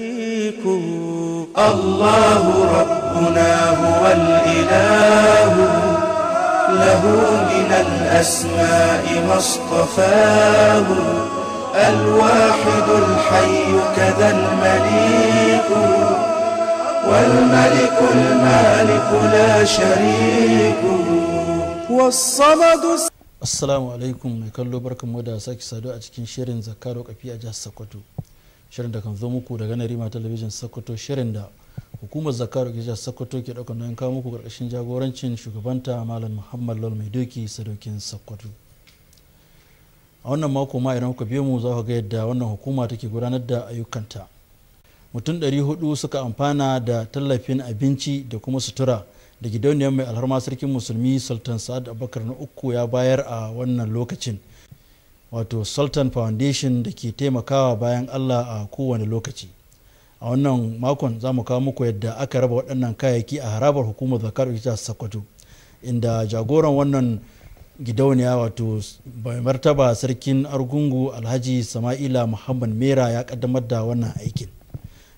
الله ربنا هو الإله له من الأسماء ما اصطفاه الواحد الحي كذا المليك والملك المالك لا شريك والصمد السلام عليكم ورحمة الله وبركاته da sake saduwa shirin da kan zo muku daga narima talabijin sokoto shirin da hukumar zakar gija sokoto ke ɗaukar nan kawo muku ƙarƙashin jagorancin shugabanta malam muhammad lal mai doki sadokin sokoto a wannan mako ma idan kuka biyo mu za ka ga yadda wannan hukuma take gudanar da ayyukanta mutum 400 suka amfana da tallafin abinci da kuma sutura da gidauniyar mai alharma sarkin musulmi sultan sa'ad abubakar na uku ya bayar a wannan lokacin wato sultan foundation da ke taimakawa bayan allah a kowane lokaci a wannan makon za mu kawo muku yadda aka raba waɗannan kayayyaki a harabar hukumar zakar ita sakwato inda jagoran wannan gidauniya wato bai martaba sarkin argungu alhaji sama'ila muhammad mera ya kaddamar da wannan aikin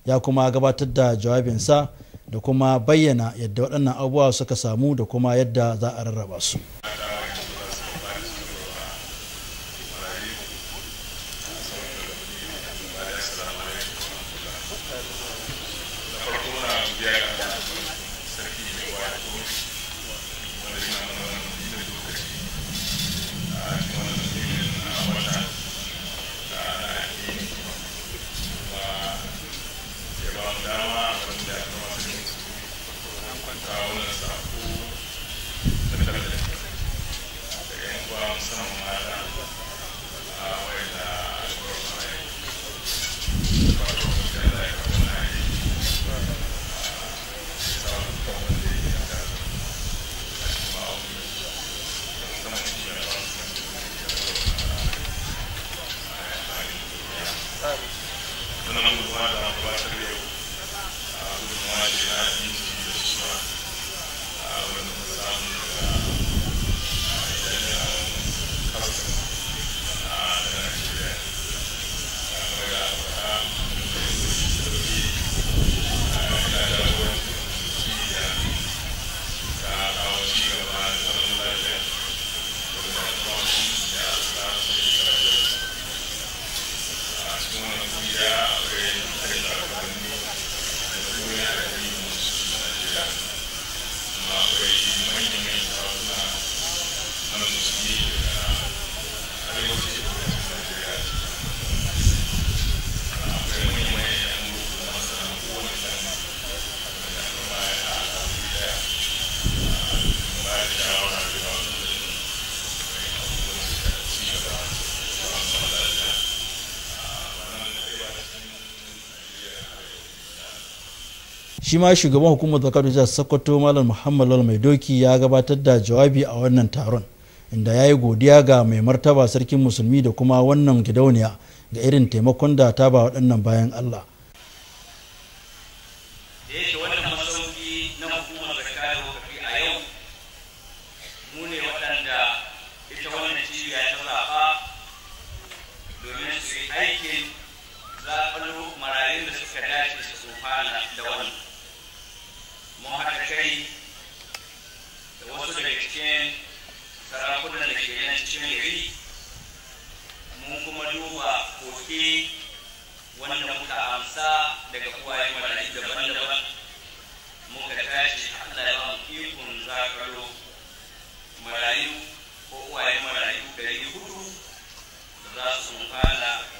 ya kuma gabatar da jawabinsa da kuma bayyana yadda waɗannan abubuwa suka samu da kuma yadda za a rarraba su. So. shi ma shugaban hukumar zakar jihar sokoto malam muhammad lal mai doki ya gabatar da jawabi a wannan taron inda ya yi godiya ga mai martaba sarkin musulmi da kuma wannan gidauniya ga irin taimakon da ta ba waɗannan bayan allah aikin zaɓar marayun da suka dace su da mun haɗa kai da wasu daga cikin sarakunan da ke nan cikin gari mun kuma duba koke wanda muka amsa daga kuwaye marayu daban-daban muka tashi Allah ya mu ikon zakaro marayu ko uwaye marayu ɗari hudu da za su fara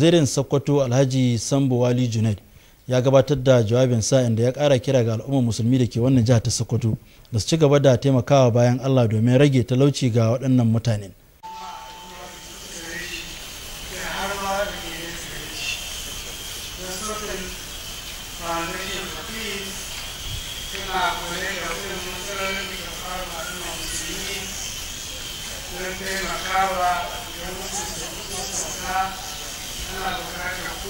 wazirin sokoto alhaji sambo wali junaid ya gabatar da jawabin sa inda ya kara kira ga al'ummar musulmi da ke wannan jihar ta sokoto da su ci gaba da taimakawa bayan allah domin rage talauci ga waɗannan mutanen taimakawa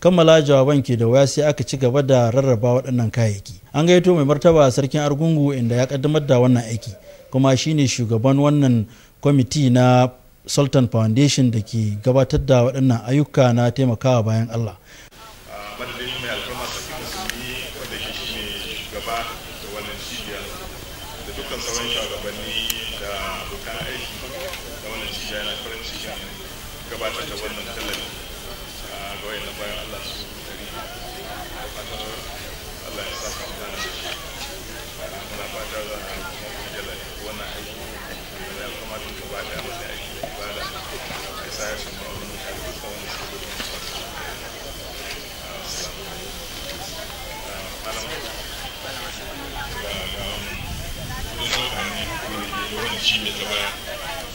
kammala jawaban ke da waya sai aka ci gaba da rarraba waɗannan kayayyaki an gaito mai martaba sarkin argungu inda ya kaddamar da wannan aiki kuma shine shugaban wannan kwamiti na sultan foundation da ke gabatar da waɗannan ayyuka na taimakawa bayan allah shi ne não baya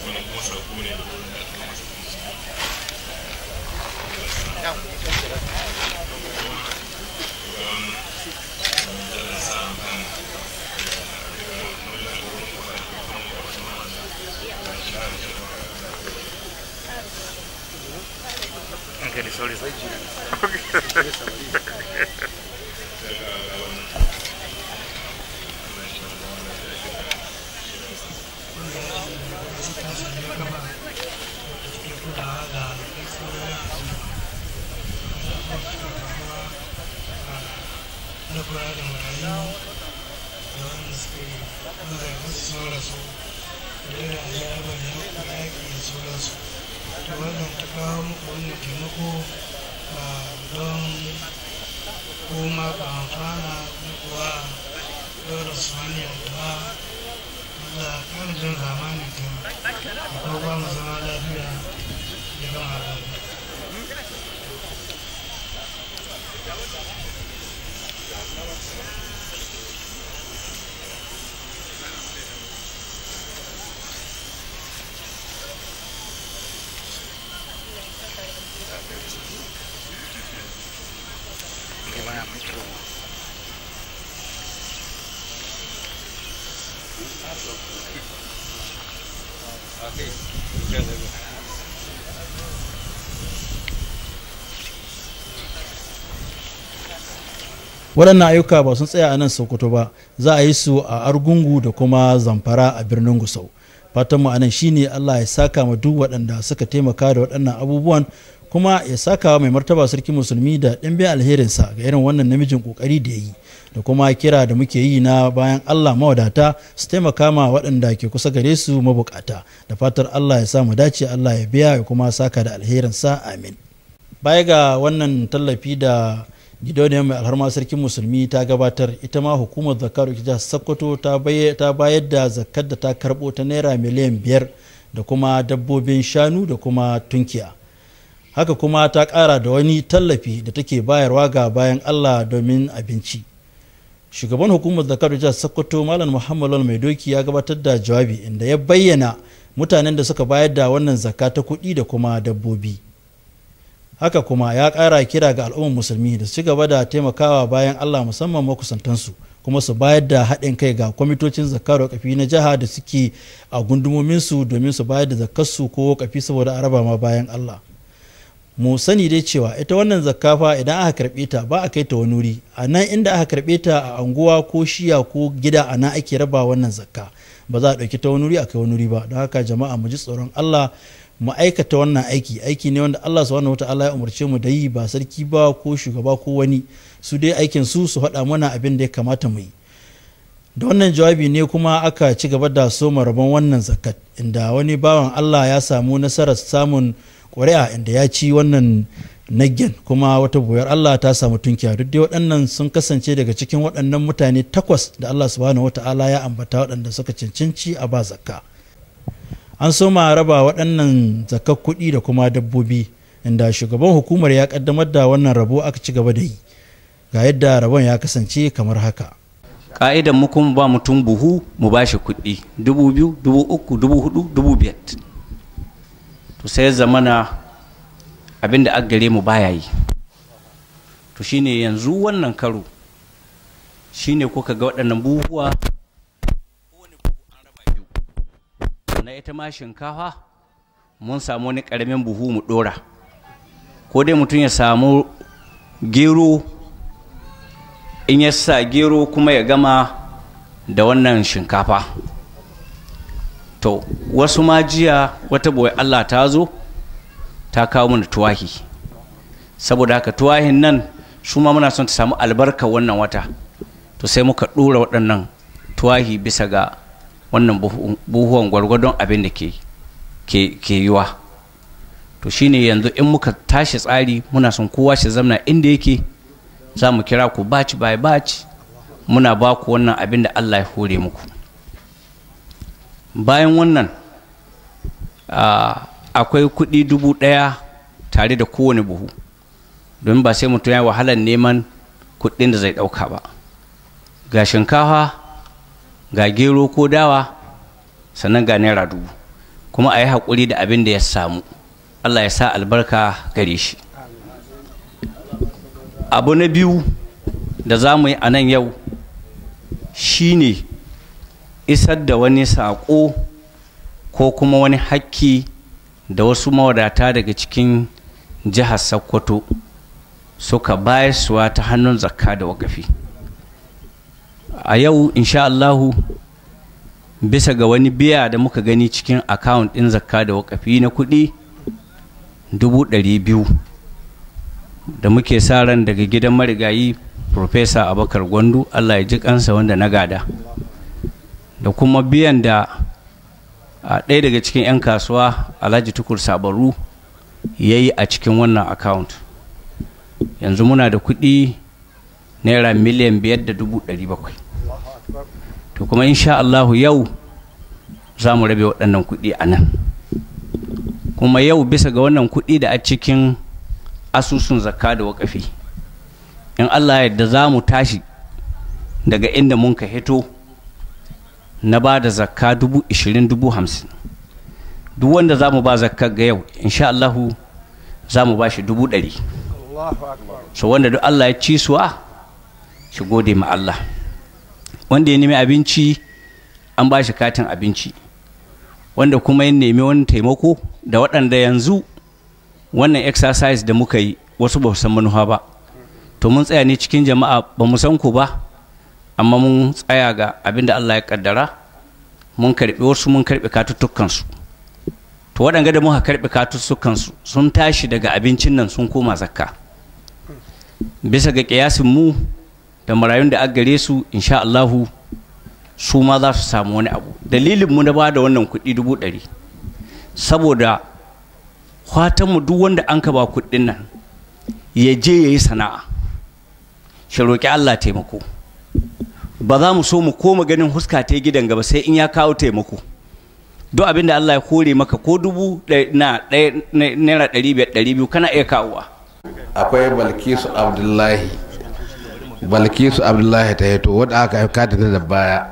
wani kuma não ne da wurin Não, aka kama su Okay, sorry. na kula da marayu da wanda suke wanda su saurasu da da azabar yankin yaƙi da sauransu ta wannan ta kawo muku wannan taimako don kuma ka amfana kuwa dole su hanyar ta Allah kan jin zamanin ta akwai ba zama da ban haɗa. Gimana mikro? Oke, udah waɗannan ayyuka ba sun tsaya a nan sokoto ba za a yi su a argungu da kuma zamfara a birnin gusau fatan mu anan shine allah ya saka ma duk waɗanda suka taimaka da waɗannan abubuwan kuma ya saka mai martaba sarki musulmi da ɗimbin alherinsa ga irin wannan namijin kokari da ya yi da kuma kira da muke yi na bayan Allah mawadata su taimaka ma waɗanda ke kusa gare su mabukata da fatar Allah ya sa mu dace Allah ya biya ya kuma saka da alherinsa amin baya ga wannan tallafi da gidauniyar mai alharma sarkin musulmi ta gabatar ita ma hukumar zakar jihar sokoto ta bayar da zakar da ta karbo ta naira miliyan biyar da kuma dabbobin shanu da kuma tunkiya haka kuma ta kara da wani tallafi da take bayarwa ga bayan allah domin abinci shugaban hukumar zakar jihar sokoto malam muhammad mai doki ya gabatar da jawabi inda ya bayyana mutanen da suka bayar da wannan zakka ta kuɗi da kuma dabbobi haka kuma ya ƙara kira ga al'ummar musulmi da su gaba da taimakawa bayan allah musamman makusantansu kuma su bayar da haɗin kai ga kwamitocin zakar wakafi na jiha da suke a gundumominsu domin su bayar da zakarsu ko wakafi saboda araba ma bayan allah mu sani dai cewa ita wannan zakafa idan aka karɓe ta ba a kai ta wani wuri a nan inda aka karɓe ta a anguwa ko shiya ko gida a nan ake raba wannan zakka ba za a ɗauki ta wani wuri a kai wani wuri ba don haka jama'a mu ji tsoron allah mu aikata wannan aiki aiki ne wanda Allah subhanahu ta'ala ya umarce mu da yi ba sarki ba ko shugaba ko wani su dai aikin su su faɗa mana abin da ya kamata mu yi da wannan jawabi ne kuma aka ci gaba da soma rabon wannan zakat inda wani bawan Allah ya samu nasarar samun ƙuri'a inda ya ci wannan nagyan kuma wata boyar Allah ta samu tunkiya duk dai waɗannan sun kasance daga cikin waɗannan mutane takwas da Allah subhanahu ta'ala ya ambata waɗanda suka cancanci a ba zakka an soma raba waɗannan zakar kuɗi da kuma dabbobi inda shugaban hukumar ya kaddamar da wannan rabo aka ci gaba da yi ga yadda rabon ya kasance kamar haka ka'idan mu kuma ba mutum buhu mu ba shi kuɗi dubu biyu dubu uku dubu hudu dubu biyar to sai zamana abin da gare mu baya yi to shine yanzu wannan karo shine kuka ga waɗannan buhuwa na ita ma shinkafa mun samu wani ƙaramin buhu mu ɗora ko dai mutum ya samu gero in ya sa gero kuma ya gama da wannan shinkafa to wasu ma jiya wata boye allah ta zo ta kawo mana tuwahi saboda haka tuwahin nan su ma muna son ta samu albarka wannan wata to sai muka ɗora waɗannan tuwahi bisa ga wannan buhuwan gwargwadon abin da ke yiwa to shine yanzu in muka tashi tsari muna son kowa shi zamna inda yake za mu kira ku baci bai baci muna ba ku wannan abin da allah ya hore muku bayan wannan akwai kuɗi dubu ɗaya tare da kowane buhu domin ba sai mutum ya wahalar neman kuɗin da zai ɗauka ba ga shinkafa ga gero ko dawa sannan ga naira dubu kuma a yi haƙuri da abin da ya samu allah ya sa albarka gare shi abu na biyu da za mu yi a nan yau shi ne isar da wani saƙo ko kuma wani hakki da wasu mawadata daga cikin jihar sokoto suka bayar suwa ta hannun zakka da wakafi. a yau insha Allahu bisa ga wani biya da muka gani cikin akawun ɗin zakka da wakafi na kuɗi dubu biyu da muke sa ran daga gidan marigayi Profesa Abakar Gwandu Allah ya ji kansa wanda na gada da kuma biyan da a ɗaya daga cikin 'yan kasuwa Alhaji Tukur Sabaru ya yi a cikin wannan account yanzu muna da kuɗi naira miliyan biyar da dubu to kuma insha Allah yau za mu rabe waɗannan kuɗi a nan kuma yau bisa ga wannan kuɗi da a cikin asusun zakka da waƙafi in Allah yadda za mu tashi daga inda mun ka hito na ba da zakka dubu ishirin dubu hamsin duk wanda za mu ba zakka ga yau insha Allahu za mu ba shi dubu ɗari so wanda duk Allah ya ci suwa shi gode ma Allah wanda ya nemi abinci an ba shi katin abinci wanda kuma ya nemi wani taimako da waɗanda yanzu wannan exercise da muka yi wasu ba san manuha ba to mun tsaya ne cikin jama'a ba mu san ku ba amma mun tsaya ga abin da Allah ya kaddara mun karɓi wasu mun karɓi katuttukansu to waɗanga da muka karɓi katuttukansu sun tashi daga abincin nan sun koma zakka bisa ga kiyasin mu da marayun da aka gare su insha Allahu su ma za su samu wani abu dalilin mu na ba da wannan kuɗi dubu ɗari saboda mu duk wanda an ka ba kuɗin nan ya je ya yi sana'a shi roƙi Allah taimako ba za mu so mu koma ganin huska ta gidan gaba sai in ya kawo taimako duk abin da Allah ya kore maka ko dubu na naira ɗari biyar ɗari biyu kana iya kawowa akwai balkisu abdullahi balkisu abdullahi ta yato wadda aka aika ta da baya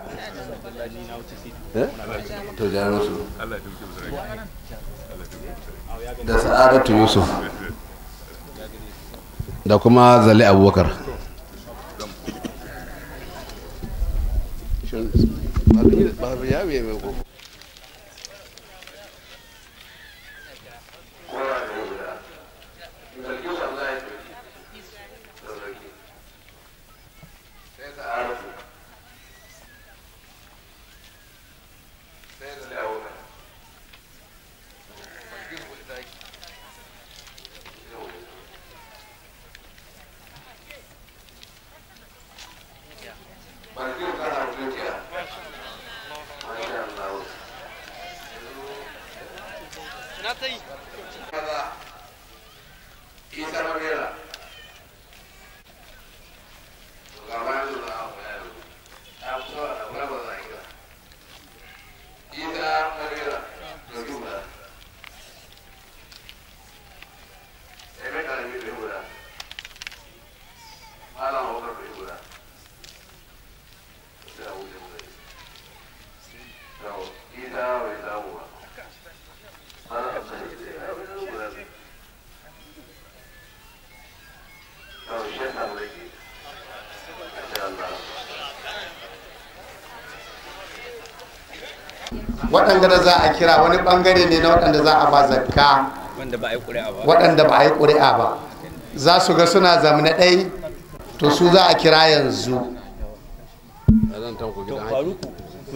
da sa'adatu yusuf da kuma zali abubakar ya mai waɗanda da za a kira wani ɓangare ne na waɗanda za a ba zakka waɗanda ba a yi ƙuri'a ba za su ga suna zamana ɗai to su za a kira yanzu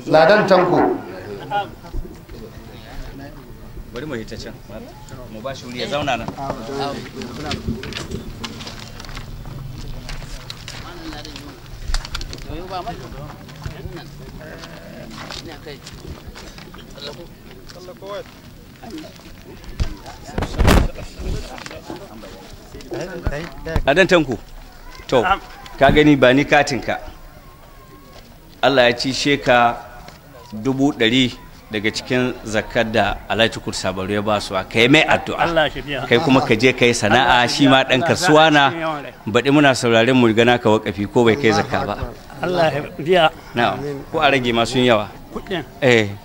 ladan tanko bari mu hita can mu ba shi wuri ya zauna nan ba a tanku to ka gani ba ni katinka allah ya ci ka dubu ɗari daga cikin zakar da alhaji kursa baro ya ba su a kai mai addu'a kai kuma ka je kai sana'a shi ma ɗan kasuwa na baɗi muna sauraren mu gana ka wakafi ko bai kai zakka ba allah ya biya ko a rage masu yawa eh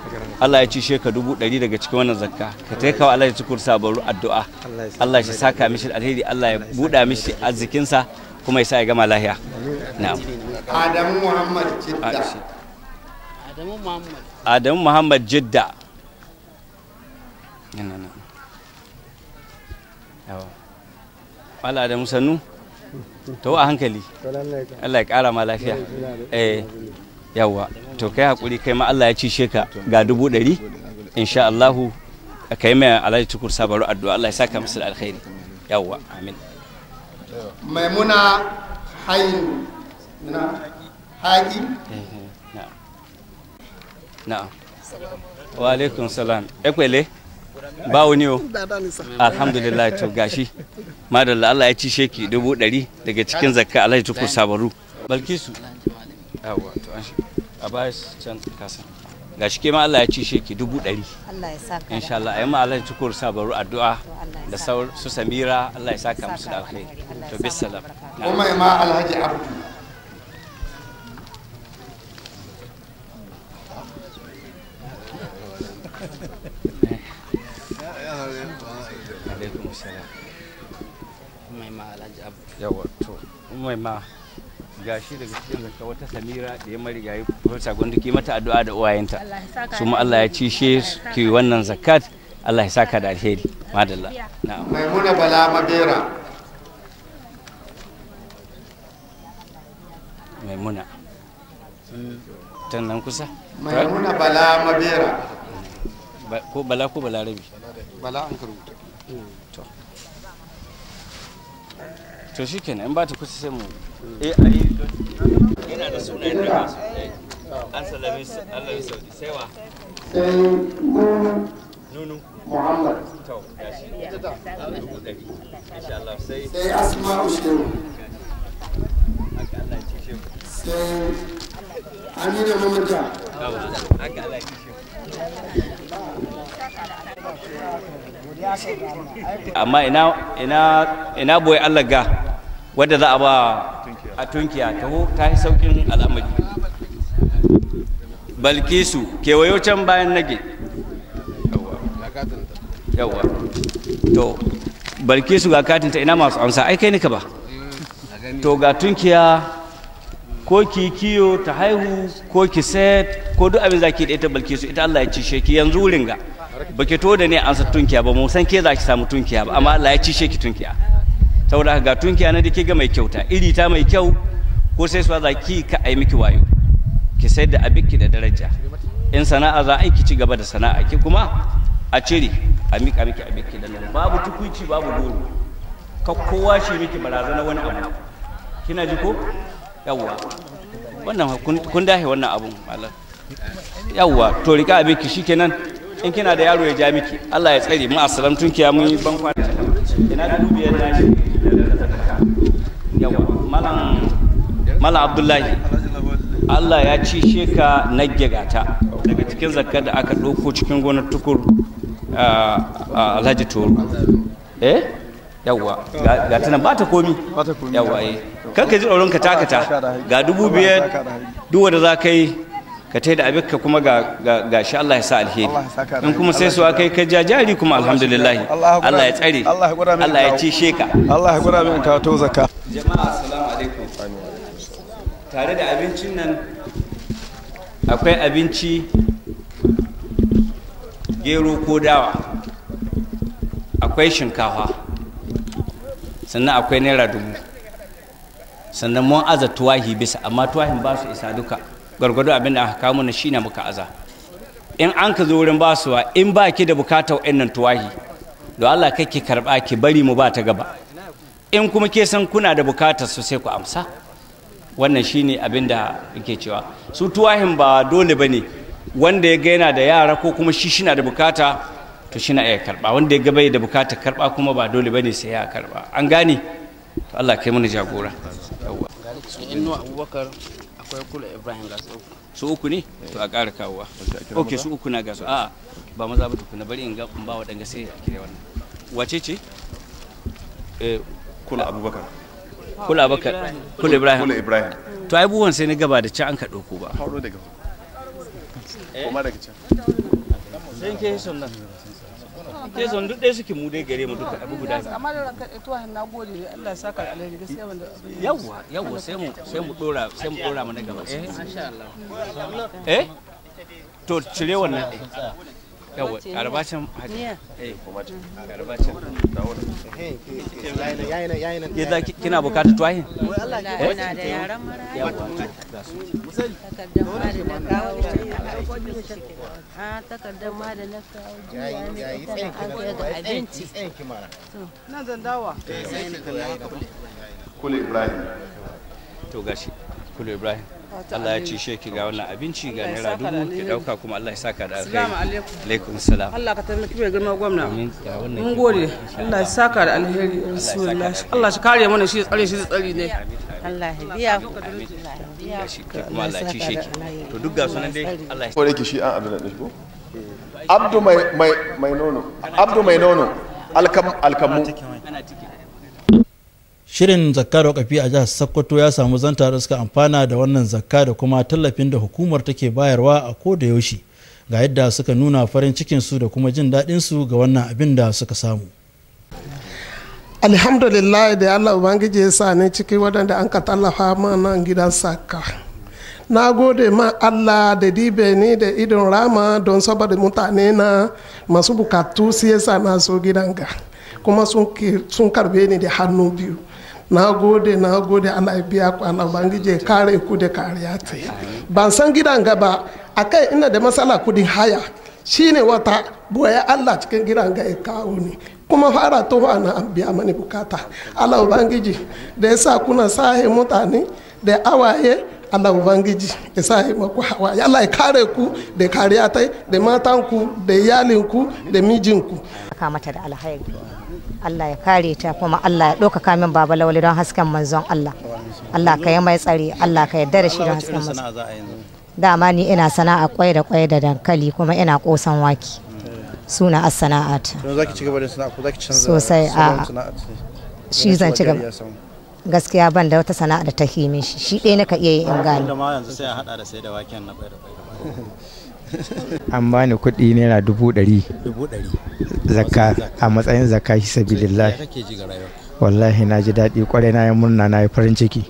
Allah ya ci sheka dubu ɗari daga cikin wannan zakka ka taika wa Allah ya cikur sabaru addu'a Allah ya saka mishi alheri Allah ya buɗa mishi arzikinsa kuma ya sa ya gama lahiya na'am Adamu Muhammad Jidda Adamu Muhammad Adamu Muhammad Jidda yana na yawa Allah Adamu Sannu to a hankali Allah ya ƙara ma lafiya eh yawa to kai hakuri kai ma Allah ya ci ka ga dubu ɗari insha Allahu kai mai alhaji tukur sabaru addu'a Allah ya saka musu da alkhairi yawwa amin maimuna hayin eh, eh, na haƙi na'am wa alaikum salam ekwele eh, bawo ni o alhamdulillah to gashi madalla Allah ya ci ki dubu ɗari daga cikin zakka alhaji tukur sabaru balkisu yawwa to an shi a ba shi can kasa ga shi kema Allah ya ci shi ki dubu ɗari insha Allah ayi ma'ala Allah ya cikur sabaru addu'a da su Samira Allah ya saka musu da alkhairi to bisalam kuma ima Alhaji Abdu alaikum salam mai ma Alhaji Abdu yawa to mai ma gashi daga cikin zakka wata samira da ya mariga yi profesa gonduki mata addu'a da uwayenta su ma Allah ya cishe ki wannan zakat Allah ya saka da alheri madalla na'am maimuna bala mabera maimuna tan nan kusa maimuna bala mabera ko bala ko Bala rabi. bala an karuta to shi kenan in ba ta kusa sai mu eh a yana da sunayen da an salami Allah ya saudi sai wa sai nunu muhammad to sai sai asma haka Allah ya shi amma ina ina ina boye Allah ga wadda za a ba a tunkiya taho ta yi saukin al'amari balkisu kewayo can bayan nage yawa to balkisu ga katinta ina masu amsa ai kai nika ba to ga tunkiya ko ki kiyo ta haihu ko ki set ko duk abin zaki da ita balkisu ita Allah ya ci sheki yanzu ringa ga ba ki to da ne an sa tunkiya ba mu san ke za ki samu tunkiya ba amma Allah ya ci ki tunkiya saboda ga tunkiya na da ke ga mai kyauta iri ta mai kyau ko sai suwa za ki ka ai miki wayo ki sai da abiki da daraja in sana'a za a ki ci gaba da sana'a ki kuma a cire a mika miki abiki da nan babu tukuici babu goro ka kowa shi miki barazana wani abu kina ji ko yawwa wannan kun dahe wannan abun malam yawwa to rika abiki shikenan in kina da yaro ya ja miki Allah ya tsare mu assalam tun kiya mun ban kwana ina da dubiyar shi yawa malam malam abdullahi Allah ya ci sheka na gegata daga cikin zakar da aka ɗauko cikin gonar tukur a alhaji toro eh yawa ga tana ba ta komi yawa eh kanka ji tsoron ka takata ga dubu biyar duk wanda za ka yi ka ta da abinka kuma ga shi Allah ya sa alheri in kuma sai su akai ka jajari kuma alhamdulillah Allah ya tsare Allah ya ci sheka Allah ya gura min ka to zakka jama'a assalamu alaikum tare da abincin nan akwai abinci gero ko dawa akwai shinkafa sannan akwai naira dubu sannan mun aza tuwahi bisa amma tuwahin ba su isa duka gwargwado abin da aka kawo shi shine muka aza in an ka zo wurin basuwa in ba ki da bukatar wa'annan tuwahi da Allah kai ki karba ki bari mu ba ta gaba in kuma ke san kuna da bukatar su sai ku amsa wannan shine abin da yake cewa su tuwahin ba dole bane wanda ya gaina yana da yara ko kuma shi shina da bukata to shina iya karba wanda ya ga da bukata karba kuma ba dole bane sai ya karba an gane to Allah kai mana jagora abubakar akwai kula ibrahim ga su uku ne eh. to a ƙara kawowa ok su uku na ga su a ah, ba maza ba tukuna bari in ga in ba waɗanga sai a kire wannan wace ce eh, kula abubakar kula abubakar kula ibrahim kula ibrahim to ai buwan sai na gaba da ci an ka ɗauko ba hauro daga eh. kuma daga can sai ke yi sunan ke son duk ɗaya suke mu dai gare mu duka abu guda amma da ranka eh, to hin na gode da Allah ya saka alheri gaskiya wanda yawa yawa sai mu sai mu dora sai mu dora mu na gaba eh insha Allah eh to cire wannan yawa arbacin eh, eh, eh, kina bukatar na ibrahim to gashi ibrahim Allah ya ci ki ga wannan abinci ga naira dubu ki dauka kuma Allah ya saka da alheri assalamu alaikum alaikum salam Allah ka taimaki mai girma gwamna mun gode Allah ya saka da alheri Allah shi kare mana shi tsare shi tsari ne Allah ya biya ku amin kuma Allah ya cishe ki to duk ga sunan dai Allah ya kore ki shi an abin da shi ko Abdu mai mai mai nono Abdu mai nono alkam alkamu ana shirin zakka da wakafi a jihar sokoto ya samu zanta da suka amfana da wannan zakka da kuma tallafin da hukumar take bayarwa a ko da yaushe ga yadda suka nuna farin cikin su da kuma jin daɗin su ga wannan abin da suka samu alhamdulillah da allah ubangiji ya sa ne ciki wadanda an ka tallafa mana gidan saka na gode ma allah da dibe ni da idon rama don saboda mutane na masu bukatu siyasa na so gidanka kuma sun karbe ni da hannu biyu na gode na gode ana biya ku allah bangije kare ku da kariya ta ban san gidanka ba kai ina da matsala kudin haya shine wata boye allah cikin ga ya kawo ni kuma fara to na an biya mani bukata ala bangije da ya sa kuna sahi mutane da awaye Allah Ubangiji ya sa yi maku hawa ya Allah ya kare ku da kariya ta da matanku da iyalinku da mijinku ka mata da alhairi Allah ya kare ta kuma Allah ya ɗaukaka min baba lawali don hasken manzon Allah Allah ka yi mai tsari Allah ka yarda da shi don hasken manzon dama ni ina sana'a kwai da kwai da dankali kuma ina kosan waki suna a sana'ata sosai a shi zan ci gaba gaskiya ban da wata sana'a da ta min shi shi ɗaya na iya yi in gane da ma yanzu sai a hada da sai da waken na an ba an bani kuɗi naira dubu ɗari zakka a matsayin zakka shi lillahi wallahi na ji daɗi kwarai na yi murna na yi farin ciki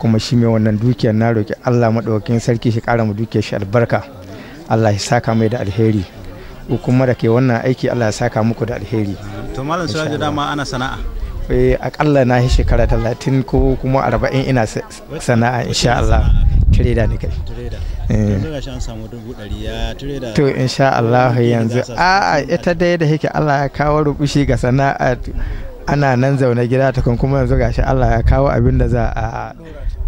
kuma shi mai wannan dukiyar na roƙi allah maɗaukakin sarki shi ƙara mu dukiyar shi albarka allah ya saka mai da alheri kuma da ke wannan aiki allah ya saka muku da alheri to malam dama ana sana'a Eh, akalla na yi shekara talatin ko kuma arba'in ina sana'a insha Allah tireda ne kai eh. to insha Allah yanzu a ita dai da yake Allah ya kawo rubushi ga sana'a ana nan zaune gida ta kuma yanzu gashi Allah ya kawo abin da za a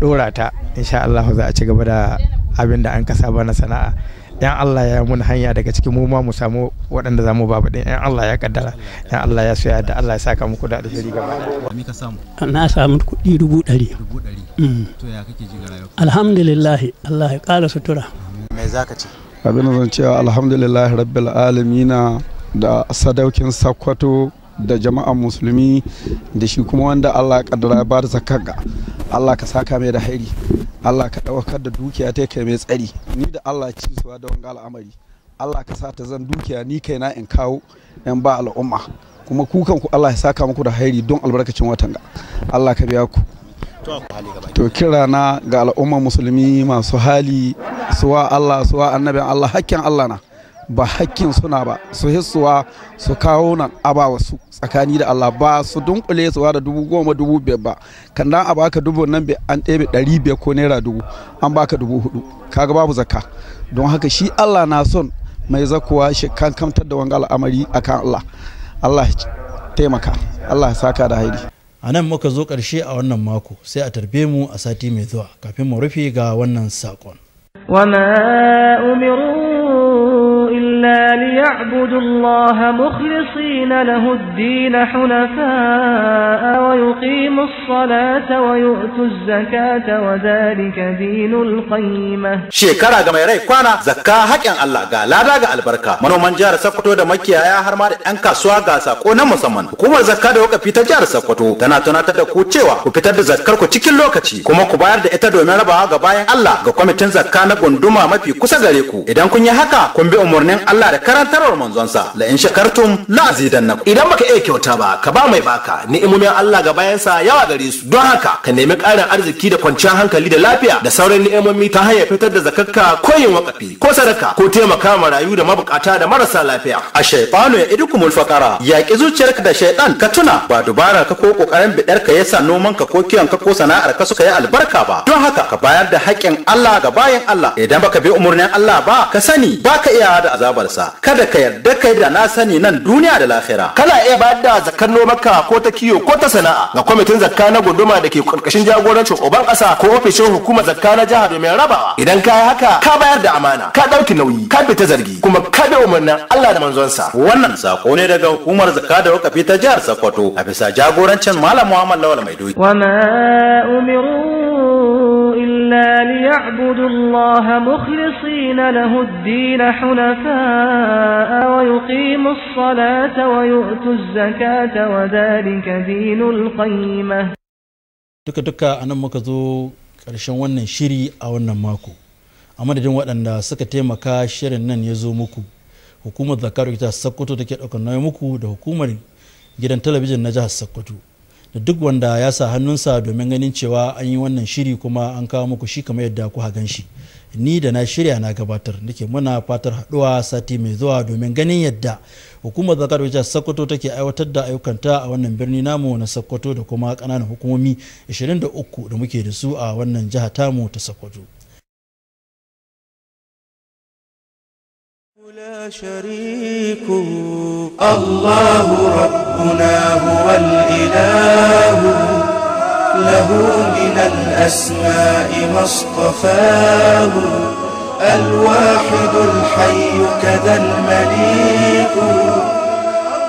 dora ta insha Allah za a ci gaba da abin da an kasa na sana'a yan Allah ya mun hanya daga cikin mu ma mu samu waɗanda za mu ba baɗin yan Allah ya kaddara yan Allah ya soya da Allah ya saka muku da alheri gaba na samu kuɗi dubu ɗari mm. alhamdulillah Allah ya ƙara sutura me za ka ce abin da zan cewa alhamdulillah rabbil alamina da sadaukin sakwato da jama'a musulmi da shi kuma wanda Allah ya kaddara ya ba da zakka Allah ka saka mai da hairi Allah ka ɗaukar da dukiya ta kai mai tsari ni da Allah ci suwa da wanga al'amari Allah ka sa ta zan dukiya ni kai na in kawo yan ba al'umma kuma kukan ku Allah ya saka muku da hairi don albarkacin watan ga Allah ka biya ku to kira na ga al'umma musulmi masu hali suwa Allah suwa annabin Allah hakkin Allah na ba hakkin suna ba su hissuwa su kawo nan aba wasu tsakani da Allah ba su dunkule suwa da dubu goma dubu biyar ba kan dan a baka dubu nan bai an ɗebe ɗari biyar ko naira dubu an baka dubu hudu kaga babu zakka don haka shi Allah na son mai zakuwa shi kan kamtar da wanga al'amari akan Allah Allah taimaka Allah saka da haidi a nan muka zo karshe a wannan mako sai a tarbe mu a sati mai zuwa kafin mu rufe ga wannan saƙon. وما أمروا أمرنا ليعبدوا الله مخلصين له الدين حنفاء ويقيموا الصلاة ويؤتوا الزكاة وذلك دين القيمة شكرا ga mai rai kwana zakka haƙin Allah ga lada ga albarka manoman jihar Sokoto da makiyaya har ma da 'yan kasuwa ga sako na musamman hukumar zakka da wakafi ta jihar Sokoto tana tunatar da ku cewa ku fitar da zakkar ku cikin lokaci kuma ku bayar da ita domin rabawa ga bayan Allah ga kwamitin zakka na gunduma mafi kusa gare ku idan kun yi haka kun bi umarnin Allah Allah da karantarwar manzonsa la in shakartum la azidannakum idan baka iya kyauta ba ka ba mai baka ni'imomin Allah ga sa. yawa gare su don haka ka nemi ƙarin arziki da kwanciyar hankali da lafiya da sauran ni'imomi ta hanyar fitar da zakarka ko yin wakafi ko sadaka ko taimaka marayu da mabukata da marasa lafiya a shaytanu ya idukumul faqara yaƙi zuciyarka da shaytan ka tuna ba dubara ka ko kokarin bidar ka yasa noman ka ko kiyon ka ko sana'ar ka suka yi albarka ba don haka ka bayar da haƙƙin Allah ga bayan Allah idan baka bi umurnin Allah ba ka sani baka iya da azabar mutuwarsa kada ka yarda kai da na sani nan duniya da lahira kana iya ba da zakar nomarka ko ta kiyo ko ta sana'a ga kwamitin zakka na gunduma da ke karkashin jagorancin oban kasa ko ofishin hukumar zakka na jihar domin rabawa idan ka yi haka ka bayar da amana ka ɗauki nauyi ka bi ta zargi kuma ka bi umarnin Allah da manzonsa wannan sako ne daga hukumar zakka da wakafi ta jihar Sokoto a bisa jagorancin malam Muhammad Lawal Maidoki wa ma umiru إلا ليعبدوا الله مخلصين له الدين حنفاء ويقيموا الصلاة ويؤتوا الزكاة وذلك دين القيمة duka duka a nan muka zo ƙarshen wannan shiri a wannan mako a madadin waɗanda suka taimaka shirin nan ya zo muku hukumar zakaru ita sakkwato take ɗaukar nauyi muku da hukumar gidan talabijin na jihar sokoto da duk wanda ya sa hannunsa domin ganin cewa an yi wannan shiri kuma an kawo muku shi kamar yadda ku gan shi ni da na shirya na gabatar nake muna fatar haduwa sati mai zuwa domin ganin yadda hukumar zakar wajen sokoto take aiwatar da ayyukanta a wannan birni namu na sokoto da kuma kananan hukumomi 23 da muke da su a wannan jiha tamu ta sokoto لا شريك الله ربنا هو الإله له من الأسماء ما اصطفاه الواحد الحي كذا المليك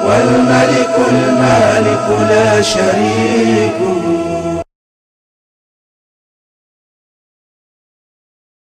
والملك المالك لا شريك